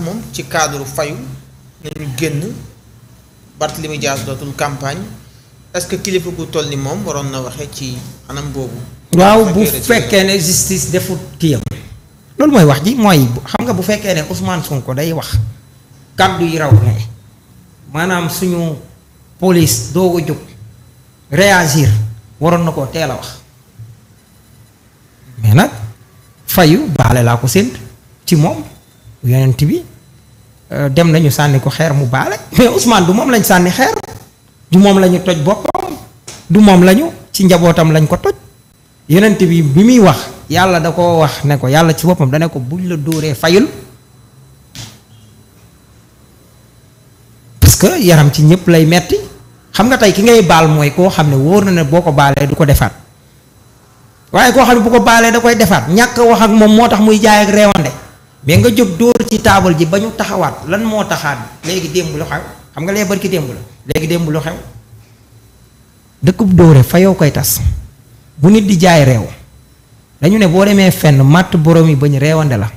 moom ci cadre fayu nañu génn Barthélemy Dias dootul campagne est que kilifa gu toll ni moom waroon na waxee ci anam boobu. waaw bu fekkee ne justice defut kiyam loolu mooy wax ji mooy xam nga bu fekkee ne Ousmane ko day wax kàddu yi raw ne maanaam suñu police doo a jóg réagir waroon na koo teel a wax mais nag fayu baale laa ko sént ci moom. yonent bi euh, dem nañu sànni ko xeer mu baale mais Ousmane du moom lañ sànni xeer du moom la ñu toj boppam du moom lañu ci njabootam lañ ko toj yonent bi bi muy wax yàlla da ko wax ne ko yàlla ci boppam da ko buñ la dóoree fayul parce que yaram ci ñëpp lay metti xam nga tey ki ngay baal mooy koo xam ne wóor na ne boo ko baalee du ko defaat waaye koo xam ne bu ko baalee da koy defaat ñàkk wax ak moom moo tax muy jaay ak reewande mais nga jóg dóor ci taabal ji ba ñu taxawaat lan moo taxaat léegi démb lu xew xam nga lee barki démb la léegi démb lu xew dëkkub dóore fa koy tas bu nit di jaay réew dañu ne boo demee fenn màtt borom yi bañ réewande la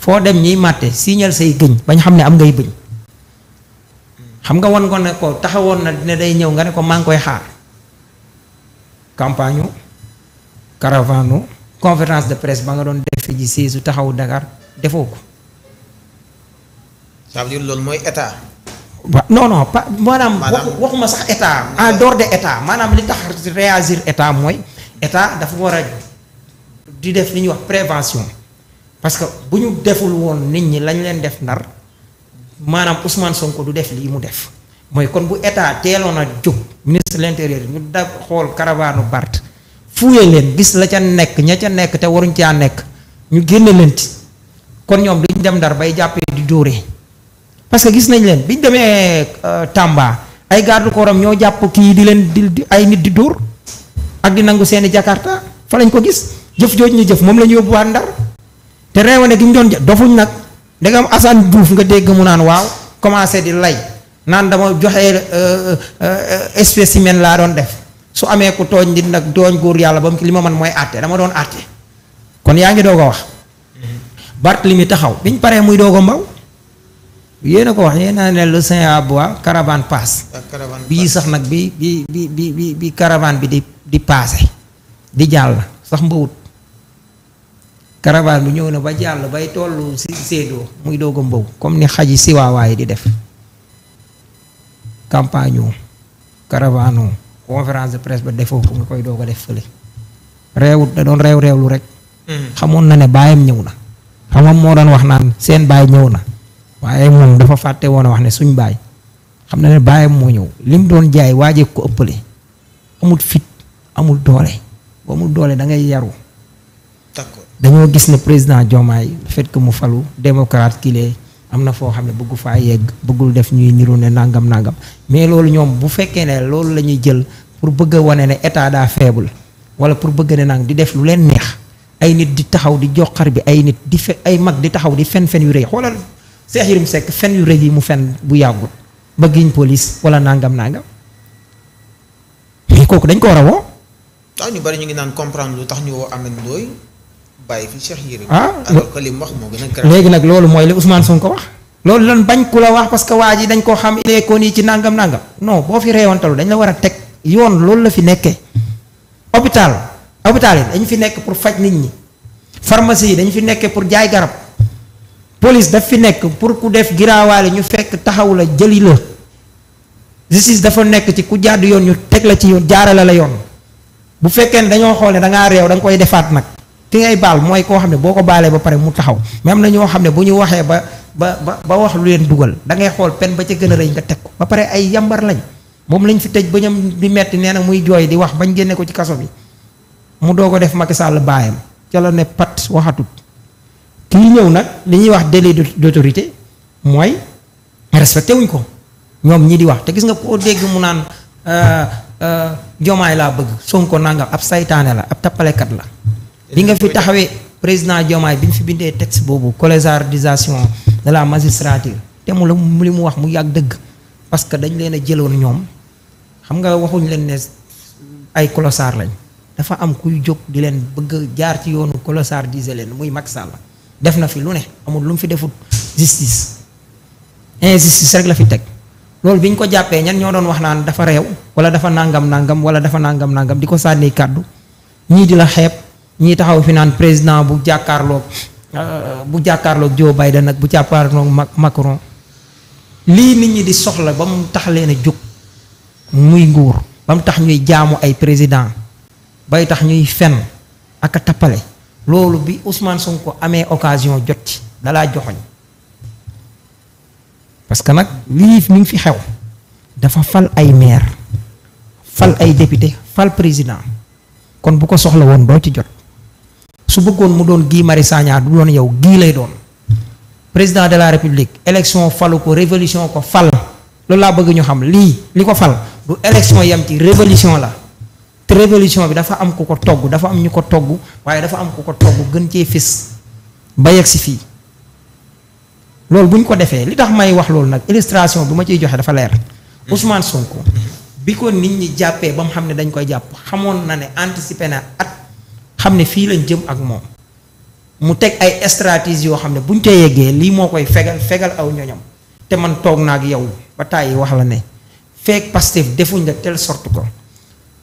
foo dem ñiy màtte signal say gëñ bañ xam ne am ngay bëñ xam nga wan nga ne ko taxawoon na ne day ñëw nga ne ko maa ngi koy xaar campagne caravane conférence de presse ba nga doon def ji seize taxawu Dakar defoo ko. ça veut loolu mooy état. waaw non maanaam. waxuma sax état. en dehors de état maanaam li tax réagir état mooy état dafa war a di def li ñuy wax prévention parce que bu ñu deful woon nit ñi lañ leen def ndar maanaam Ousmane Sonko du def lii mu def mooy kon bu état teeloon a jóg ministre de l'intérieur ñu da xool caravane Barth fuuye leen gis la ca nekk ña ca nekk te waruñ caa nekk ñu génne leen kon ñoom duñ dem ndar bay jàppee di dóore parce que gis nañ leen biñ demee euh, Tamba ay garde corps am ñoo jàpp kii di leen di ay nit di dóor ak di nangu seeni jakarta fa lañ ko gis jëf jooj ñu jëf moom lañu ñu yóbbuwaat ndar te reewane gi mu doon dofuñ nag danga am Assane Diouf nga dégg mu naan waaw commencé di lay naan dama joxe euh, euh, spécimen laa doon def su amee ku tooñ nit nag tooñ góor yàlla ba mu li ma man mooy àtte dama doon àtte kon yaa ngi doog a wax li Barthélemy taxaw biñ paree muy doog a mbaw yéen a ko wax yéen a ne le saint à bois caravane passe ah, bii sax nag bi bi bi bi bi bi caravane bi di di paase di jàll sax mbawut caravane bu ñëw na ba jàll bay tollu si séedoo muy doog mbaw comme ni xaji siwaawaay di def campagne o caravane o conférence de presse ba defoo ko nga koy doog def fële reewut da doon reew reewlu rek hmm. xamoon na ne baayam ñëw na xam moo doon wax naan seen baay ñëw na waaye moom dafa fàtte woon a wax ne suñ baay xam na ne baayam moo ñëw li doon jaay waaje ko ëpple amul fit amul doole bu amul doole da ngay yaru d'accord dañoo gis ne président Diomaye le fait mu falu démocrate qu'il am na foo xam ne bëggu faa yegg bëggul def ñuy niru ne nangam nangam mais loolu ñoom bu fekkee ne loolu la ñuy jël pour bëgg wane ne état daa faible wala pour bëgg ne nang di def lu leen neex ay nit di taxaw di jox joxar bi ay nit di fe ay mag di taxaw di fen fen yu rëy xoolal Cheikh Yérim sekk fen yu rëy yi mu fen bu yàggul ba giñ police wala nangam nangam kooku dañ ko war a woo. ah ñu bari ñu ngi naan comprendre lu tax ñu woo Ameth Ndoye bàyyi fi Cheikh Yérim. ah alors li mu wax moo gën a. léegi nag loolu mooy li Ousmane Sonko wax. loolu lan bañ ku la wax parce que waa ji dañ koo xam nekkoon yi ci nangam nangam no boo fi reewantalu dañ la war a teg yoon loolu la fi nekkee hôpital. hôpital yi dañu fi nekk pour faj nit ñi pharmacie yi dañu fi nekkee pour jaay garab police daf fi nekk pour ku def giraawaale ñu fekk taxaw la jëli la justice dafa nekk ci ku jàdd yoon ñu teg la ci yoon jaarale la yoon bu fekkee ne dañoo xool ne da ngaa réew koy defaat nag ki ngay baal mooy koo xam ne boo ko baalee ba pare mu taxaw mais am na ñoo xam ne bu ñu waxee ba ba ba ba wax lu leen dugal da ngay xool pen ba ca gën a rëy nga teg ko ba pare ay yambar lañ moom lañ fi tëj ba ñam di metti nee na muy jooy di wax bañ génne ko ci kaso bi. mu doog ko def Macky Sall baayam ca la ne pat waxatut kii ñëw nag li ñuy wax délai d'autorité mooy respecté wuñ ko ñoom ñi di wax te gis nga koo dégg mu naan jomaay euh, euh, laa bëgg Sonko nangam ab saytaane la ab tappalekat la bi nga fi taxawee président jomaay bi ñu fi bindee texte boobu collégialisation de la magistrature te mu la li mu wax mu yàgg dëgg parce que dañ leen a jëloon ñoom xam nga waxuñ leen ne ay colossar lañ dafa am kuy jóg di leen bëgg jaar ci yoonu colossardise leen muy mag Sall def na fi lu ne amul lu mu fi defut justice injustice rek la fi teg loolu bi ñu ko jàppee ñan ñoo doon wax naan dafa réew wala dafa nangam nangam wala dafa nàngam nangam di ko sànni kàddu ñii di la xeeb ñii taxaw fi naan président bu jàkkaarloog euh, bu jàkkaarloog Joe Biden nag bu jàkkaarloog Macron lii nit ñi di soxla ba mu tax leen a jóg muy nguur ba mu tax ñuy jaamu ay président bay tax ñuy fen ak a tappale loolu bi Ousmane ko amee occasion jot ci dalaa joxoñ parce que nag lii mi ngi fi xew dafa fal ay maire fal ay député fal président kon bu ko soxla woon doo ci jot su bëggoon mu doon gii Marius Sagna du doon yow gii lay doon président de la république élection falu ko révolution ko fal loolu laa bëgg ñu xam lii li ko fal du élection yam ci révolution la révolution bi dafa am ku ko togg dafa am ñu ko togg waaye dafa am ku ko togg gën cee fis ba yegg si fii loolu bu ñu ko defee li tax may wax loolu nag illustration bi ma ciy joxe dafa leer mm-hmm. Ousmane Sonko mm-hmm. bi ko nit ñi jàppee ba mu xam ne dañ koy jàpp xamoon na ne anticiper naa at xam ne fii lañ jëm ak moom mu teg ay stratégies yoo xam ne buñ tee yeggee lii moo koy fegal fegal aw ñoñam te man toog naa ak yow ba tàyyi wax la ne feek Pastef defuñ la telle sorte que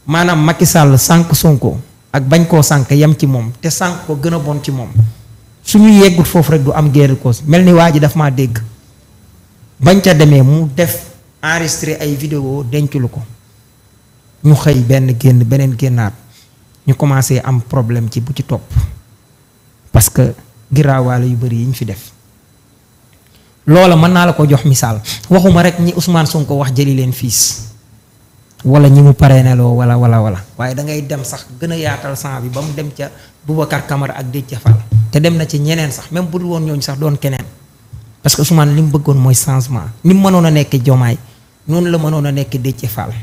maanaam Macky Sall sànq Sonko ak bañ koo sànq yem ci moom te sànq ko gën bon ci moom su suñu yeggut foofu rek du am guerre cause mel ni waa ji dafa maa dégg bañ ca demee mu def enregistré ay vidéo denculu ko ñu xëy benn génn beneen génnaat ñu commencé am problème ci bu ci topp parce que giraawaale yu bari yi ñu fi def loola mën naa la ko jox misaal waxuma rek ñi Ousmane Sonko wax jëli leen fiis wala ñi mu pareeneloo wala wala wala waaye da ngay dem sax gën a yaatal sang bi ba mu dem ca Boubacar kamara ak Déthié Fall te dem na ci ñeneen sax même bu dul woon ñooñu sax doon keneen parce que Ousmane li mu bëggoon mooy changement ni mu mënoon a nekk Diomaye noonu la mënoon a nekk Déthié Fall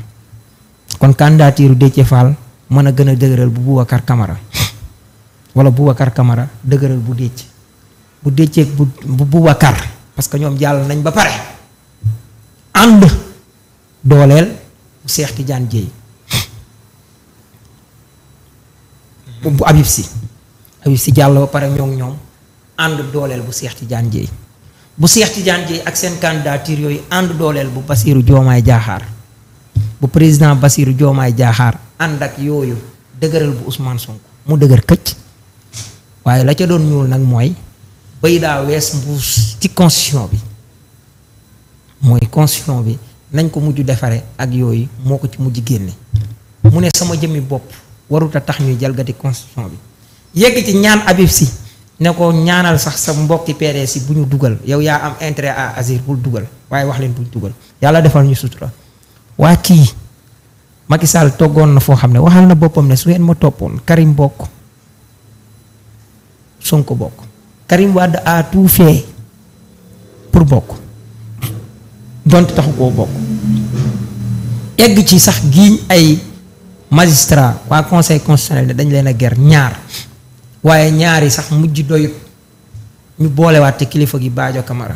kon candidature Déthié Fall mën a gën a dëgëral bu Boubacar kamara wala Boubacar Camara dëgëral bu Déthié bu Déthié bu bu Boubacar parce que ñoom jàll nañ ba pare ànd dooleel. bu Seex Tijaan Jéy bu Habib Sy Habib Sy ba pare ñoo ñoom ànd dooleel bu Seex Tijaan Jéy bu Seex Tijaan Jéy ak seen candidature yooyu ànd dooleel bu Basiiru Joomaay Jaaxaar bu président Basiiru Joomaay Jaaxaar ànd ak yooyu dëgëral bu Ousmane Sonko mu dëgër këcc waaye la ca doon ñuul nag mooy bay daa wees mbuus ci constitution bi mooy constitution bi nañ ko mujj defaree ak yooyu moo ko ci mujj génne mu ne sama jëmmi bopp warut a tax ñuy jalgati constitution bi yegg ci ñaan Habib si ne ko ñaanal sax sa mbokki PDS si bu ñu dugal yow yaa am intérêt à agir pour dugal waaye wax leen buñ dugal yàlla defal ñu sutura waa kii Macky Sall toggoon na foo xam ne waxal na boppam ne su ngeen ma toppoon Karim bokk Sonko bokk Karim Wade a tout fait pour bokk donte taxu koo bokk egg ci sax giiñ ay magistrat waa conseil constitutionnel dañ leen a ger ñaar waaye ñaari sax mujj doyut ñu boolewaat te kilifa gi baajo Camara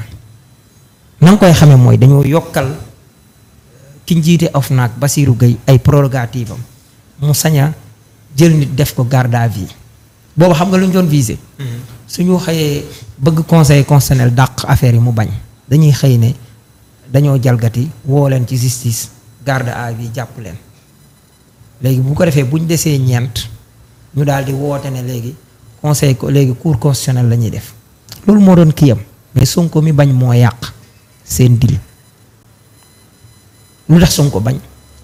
na nga koy xame mooy dañoo yokkal ki njiite OFNAC basiiru Gueye ay prérogative mu sañ a jël nit def ko garde à vue boobu xam nga lu ñu doon visé. Mm-hmm. suñu xëyee bëgg conseil constitutionnel dàq affaire yi mu bañ dañuy xëy ne dañoo jalgati woo leen ci justice garde à bi jàpp leen léegi bu ko defee bu ñu desee ñeent ñu daal di woote ne léegi conseil léegi cour constitutionnel la ñuy def loolu moo doon kiyam mais Sonko mi bañ moo yàq seen dil lu tax Sonko bañ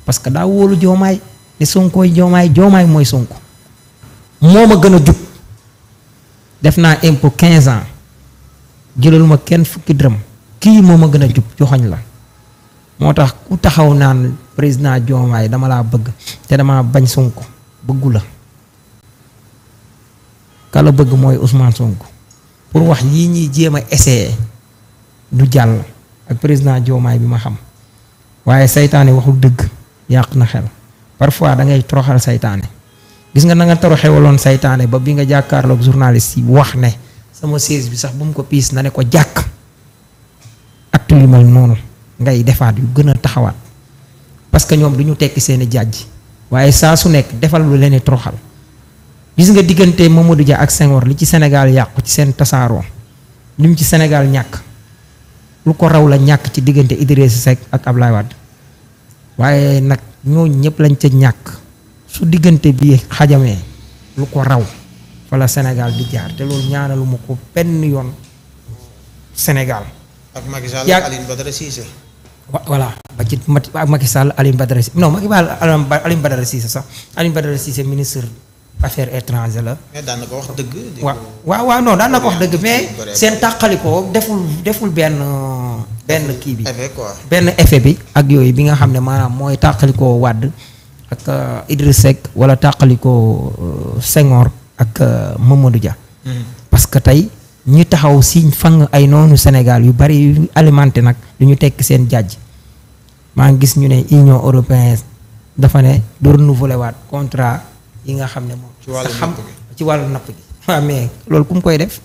parce que daa wóolu joomaay ne Sonkooy joomaay joomaay mooy Sonko moo ma gën a jub def naa impôt quinze ans jëlal ma kenn fukki dërëm kii moom a gën a jub joxoñ la moo tax ku taxaw naan président joomaay dama laa bëgg te dama bañ Sonko bëggu la kala bëgg mooy Ousmane Sonko pour wax yii ñuy jéem a du jàll ak président Diomaye bi ma xam waaye seytaane waxul dëgg yàq na xel parfois da ngay toroxal seytaane gis nga na nga toroxewaloon seytaane ba bi nga jàkkaarloog journaliste yi wax ne sama siège bi sax bu mu ko piis na ne ko jàkk yu noonu ngay defaat yu gën a taxawaat parce que ñoom du ñu tekki seen i jàjj waaye saa su nekk defal lu leen troxal gis nga diggante Mamadou Dia ak Senghor li ci Sénégal yàqu ci seen tasaaroo li mu ci Sénégal ñàkk lu ko raw la ñàkk ci diggante Idriss Seck ak Ablaye waaye nag ñooñu ñëpp lañ ca ñàkk su diggante bi xajamee lu ko raw fa la Sénégal di jaar te loolu ñaanalu ma ko benn yoon Sénégal ak ma Sall ak Alioune Badara Cissé. voilà ba ci ak Macky Sall Alioune Badara Cissé non Macky Sall Alioune Badara Cissé sax Alioune Badara Cissé ministre affaires étrangères la. mais ko wax dëgg. waaw waaw waaw daan na ko wax dëgg mais seen tàqalikoo deful deful benn benn kii bi. effet quoi benn effet bi. ak yooyu bi nga xam ne maanaam mooy tàqalikoo Wade ak euh, Idriss Seck wala tàqalikoo euh, Senghor ak euh, Mamadou Dia. Mm-hmm. parce tey. ñu taxaw si fan ay noonu Sénégal yu bari yu alimenté nag lu ñu tekk seen jàjj maa ngi gis ñu ne union européenne dafa ne du renouveler waat contrat yi nga xam ne moom. ci wàllu napp gi xam ci wàllu napp gi. waaw mais loolu ku mu koy def.